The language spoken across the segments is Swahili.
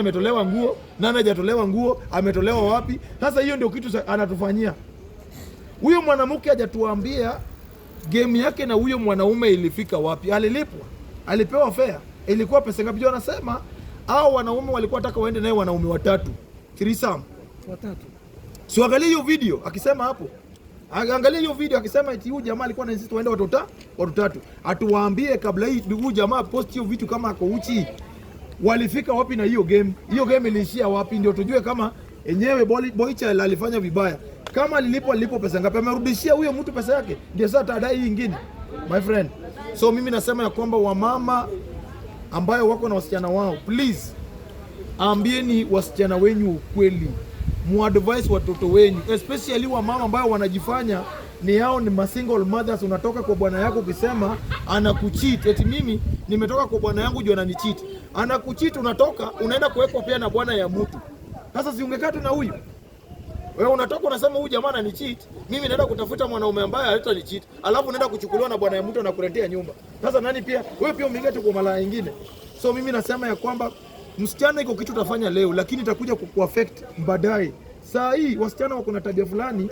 Ametolewa nguo, nani hajatolewa nguo, ametolewa wapi? Sasa hiyo ndio kitu anatufanyia huyo mwanamke. Hajatuambia game yake na huyo mwanaume ilifika wapi, alilipwa, alipewa fea, ilikuwa pesa ngapi? Ndio anasema au wanaume walikuwa wataka waende naye wanaume watatu trisam watatu. Si angalia hiyo video akisema hapo, angalia hiyo video akisema eti huyu jamaa alikuwa anasisi tuende watu watatu, atuwaambie kabla hii huyu jamaa post hiyo vitu kama ako uchi walifika wapi na hiyo game? Hiyo game iliishia wapi? Ndio tujue kama enyewe Boicha alifanya vibaya, kama lilipo lilipo pesa ngapi, amerudishia huyo mtu pesa yake, ndio sasa tadai hii ingine, my friend. So mimi nasema ya kwamba wamama ambayo wako na wasichana wao, please ambieni wasichana wenyu ukweli, muadvise watoto wenyu, especially wamama ambayo wanajifanya ni hao ni single mothers. Unatoka kwa bwana yako ukisema anakuchit, eti mimi nimetoka kwa bwana yangu juu ananichit. Anakuchit, unatoka unaenda kuwekwa pia na bwana ya mtu. Sasa siungekaa tu na huyu wewe unatoka unasema huyu jamaa ananicheat, mimi naenda kutafuta mwanaume ambaye hatanicheat, alafu naenda kuchukuliwa na bwana ya mtu anakuletea nyumba. Sasa nani pia wewe pia umeingia tu kwa mara nyingine. So mimi nasema ya kwamba msichana, iko kitu utafanya leo, lakini itakuja kukuaffect baadaye. Saa hii wasichana wako na tabia fulani,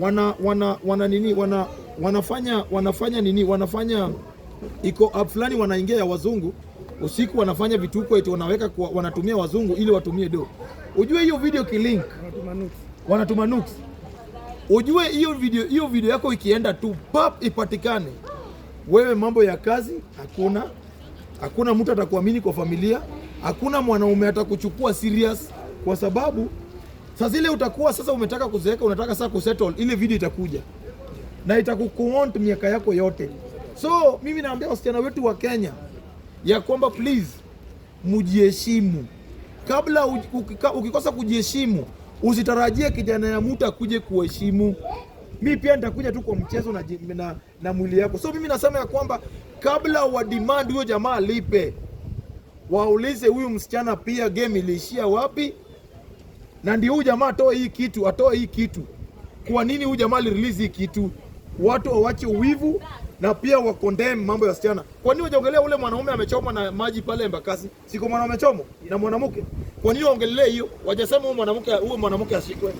wana wana wana nini, wana wanafanya wanafanya nini, wanafanya iko app fulani, wanaingia ya wazungu usiku, wanafanya vituko eti wanaweka kwa, wanatumia wazungu ili watumie do. Ujue hiyo video kilink, wanatuma nuks. Ujue hiyo video, hiyo video yako ikienda tu pap ipatikane, wewe mambo ya kazi hakuna, hakuna mtu atakuamini kwa familia, hakuna mwanaume atakuchukua serious kwa sababu sasa zile utakuwa sasa umetaka kuzeeka, unataka sasa kusettle, ile video itakuja na itakukuhaunt miaka yako yote. So mimi naambia wasichana wetu wa Kenya ya kwamba please mjiheshimu. Kabla ukikosa kujiheshimu, usitarajie kijana ya mtu akuje kuheshimu. Mi pia nitakuja tu kwa mchezo na, na, na mwili yako. So mimi nasema ya kwamba kabla wa demand huyo jamaa alipe, waulize huyu msichana pia game iliishia wapi na ndio huyu jamaa atoe hii kitu, atoe hii kitu. Kwa nini huyu jamaa alirelease hii kitu? Watu wawache uwivu na pia wa condemn mambo ya wasichana. Kwa nini wajaongelea ule mwanaume amechomwa na maji pale Mbakasi? Siko mwanaume chomwa na mwanamke. Kwa nini waongelee hiyo? Wajasema huyu mwanamke, huyu mwanamke ashikwe.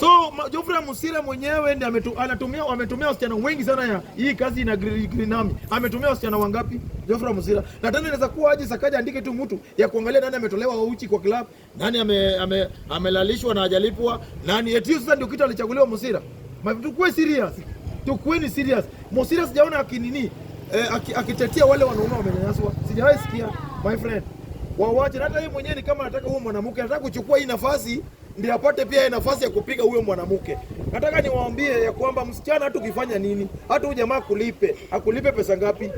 So Geoffrey Musira mwenyewe ndiye ametu, anatumia ametumia wasichana wengi sana ya hii kazi ina Grinami. Ametumia wasichana wangapi? Geoffrey Musira. Na tena inaweza kuwa aje sakaja andike tu mtu ya kuangalia nani ametolewa uchi kwa club, nani ame, ame, amelalishwa na hajalipwa, nani eti sasa ndio kitu alichaguliwa Musira. Tukue serious. Tukue ni serious. Musira sijaona akinini eh, akitetea wale wanaume wamenyanyaswa. Sijawahi sikia my friend wawache. Hata yeye mwenyewe ni kama anataka huyo mwanamke anataka kuchukua hii nafasi ndio apate pia nafasi ya kupiga huyo mwanamke. Nataka niwaambie ya kwamba msichana, hata ukifanya nini, hata huyu jamaa kulipe akulipe pesa ngapi,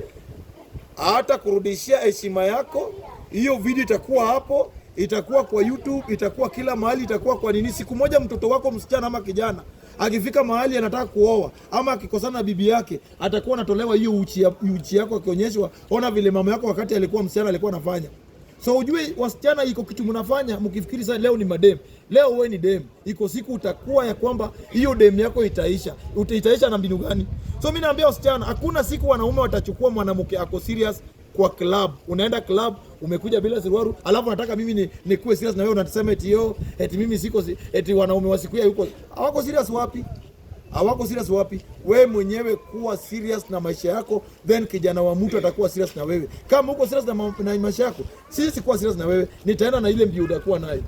hata kurudishia heshima yako. Hiyo video itakuwa hapo, itakuwa kwa YouTube, itakuwa kila mahali, itakuwa kwa nini. Siku moja mtoto wako msichana ama kijana akifika mahali anataka kuoa ama akikosana na bibi yake, atakuwa anatolewa hiyo uchi, uchi yako akionyeshwa, ona vile mama yako wakati alikuwa msichana alikuwa anafanya. So ujue wasichana, iko kitu mnafanya mkifikiri sasa leo ni madem, leo wewe ni dem. Iko siku utakuwa ya kwamba hiyo dem yako itaisha. Utaitaisha na mbinu gani? So mimi naambia wasichana, hakuna siku wanaume watachukua mwanamke ako serious kwa club. Unaenda club umekuja bila siruaru, alafu nataka mimi ni kuwe serious na wewe, unasema eti yo, eti mimi siko eti wanaume wa yuko hawako serious wapi? hawako serious wapi? We mwenyewe kuwa serious na maisha yako, then kijana wa mtu atakuwa serious na wewe. Kama uko serious na, ma na maisha yako, sisi kuwa serious na wewe, nitaenda na ile mbiu utakuwa nayo.